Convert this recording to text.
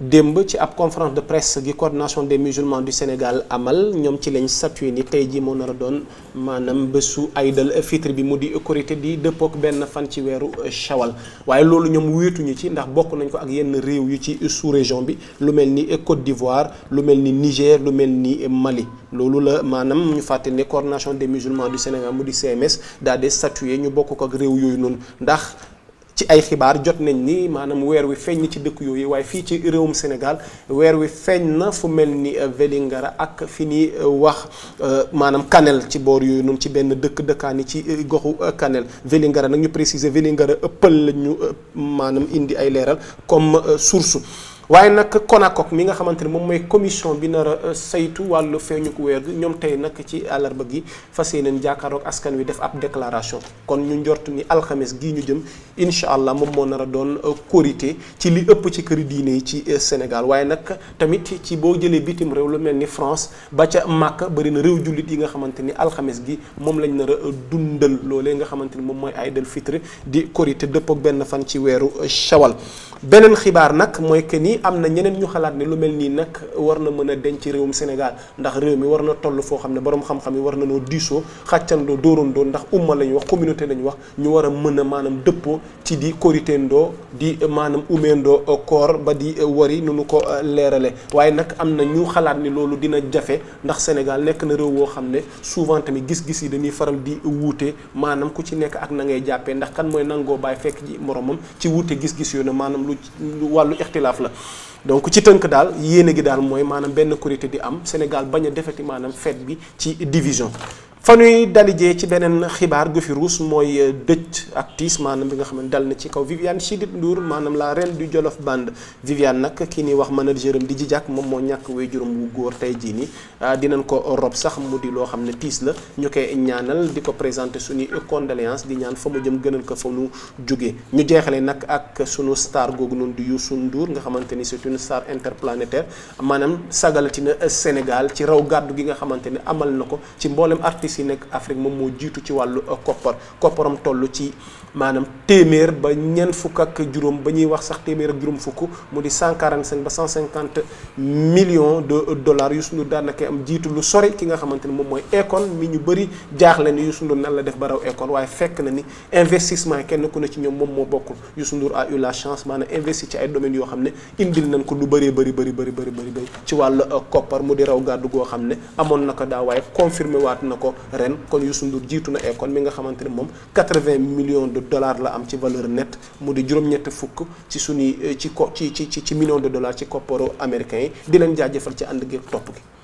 démb ci ab conférence de presse gi coordination des musulmans du Sénégal amal ñoom ci lañ statué ni tey ji moo na la doon maanaam bésu aydal fitre bi mu di korité di dëppook benn fan ci weeru shawal waaye loolu ñoom wéetuñu ci ndax bokk nañ ko ak yenn réew yu ci sous région bi lu mel ni Côte d'Ivoire lu mel ni Niger lu mel ni Mali loolu la maanaam ñu fàtte ni coordination des musulmans du Sénégal mu di CMS daal di statué ñu bokk ko ak réew yooyu noonu ndax ci ay xibaar jot nañ ni maanaam weer wi feeñ na ci dëkk yooyu waaye fii ci réewum senegal weer wi feeñ na fu mel ni euh, velingara ak fi ni euh, wax euh, maanaam Kanel ci boor yooyu noonu ci benn dëkk dëkkaani ci goxu Kanel Vélingara nag ñu préciser Vélingara ëppal la ñu maanaam indi ay leeral comme source waaye nag CONACOC mi nga xamante ne moom mooy commission bi nara euh, saytu wàllu feeñu weer gi ñoom tey nag ci àllarba gi fas yéeneen jàkkaaroog askan wi def ab déclaration kon ñu njort ni alxames gii ñu jëm incha allah moom moo nar a doon euh, korité ci li ëpp ci kër diine yi ci euh, Sénégal waaye nag tamit ci boo jëlee bitim réew lu mel ni France ba ca Màkka bëri na réew jullit yi nga xamante ni alxames gi moom lañ nar a dundal loolee nga xamante ni moom mooy ay el Fitr di korité dëpp benn fan ci weeru Shawal beneen xibaar nag mooy que ni am na ñeneen ñu xalaat ne lu mel nii nag war na mën a denc réewum Sénégal ndax réew mi war na toll foo xam ne borom xam-xam yi war na noo diisoo xàccandoo dóorandoo ndax umma la wax communauté la wax ñu war a mën a maanaam dëppoo ci di koritendoo di maanaam umeendoo koor ba di wari nu nu ko euh, leerale waaye nag am na ñu xalaat ni loolu dina jafe ndax Sénégal nekk na réew woo xam ne souvent tamit gis-gis yi dañuy faral di wuute maanaam ku ci nekk ak na ngay jàppee ndax kan mooy nangoo bàyyi fekk ji moromam ci wuute gis-gis yoon na maanaam lu wàllu ixtilaaf la donc ci tënk daal yéene gi daal mooy maanaam benn Korité di am Sénégal bañ a defeti maanaam fête bi ci division fa ñuy dalijee ci beneen xibaar gu fi ruus mooy euh, dëj ak tiis maanaam bi nga xam ne dal na ci kaw Viviane Chidid Ndour maanaam la reine du Jolof Band Viviane nag ki ni wax manageram di Djidiack moom moo ñàkk waajuram wu góor tey jii nii ah, dinan ko rob sax mu di loo xam ne tiis la ñu koy ñaanal di ko présenter présenté suñuy condoléances di ñaan fa mu jëm gënal ko fa mu jógee ñu jeexale nag ak sunu star googu noonu di Youssou Ndour nga xamante ni c'est une star interplanétaire maanaam sagalatina Sénégal ci raw gàddu gi nga xamante ne amal na ko ci mboolem si nekk Afrique moom moo jiitu ci wàllu euh, koppar kopparam tollu ci maanaam téeméer ba ñeent fukk ak juróom ba ñuy wax sax téeméer ak juróom fukk mu di cent quarante cinq ba cent cinquante millions de euh, dollars Youssou Ndour daanaka am jiitu lu sori ki nga xamante ni moom mooy Akon mi ñu bëri jaaxle ni Youssou Ndour nan la def ba raw Akon waaye fekk na ni investissement yi kenn ku ne ci ñoom moom moo bokkul Youssou Ndour a eu la chance maanaam investi ci ay domaines yoo xam ne indil nañ ko lu bëree bëri bëri bëri bëri bëri ci wàllu euh, koppar mu di raw gàddu goo xam ne amoon na ko daa waaye waat na ko ren kon Youssou Ndour jiitu na Akon mi nga xamante ne moom 80 million de dollars la am ci valeur nette mu di juróom-ñett fukk ci suñuy ci ko ci ci ci millions de dollars ci kopparu américains yi di leen jaajëfal ci ànd gi topp gi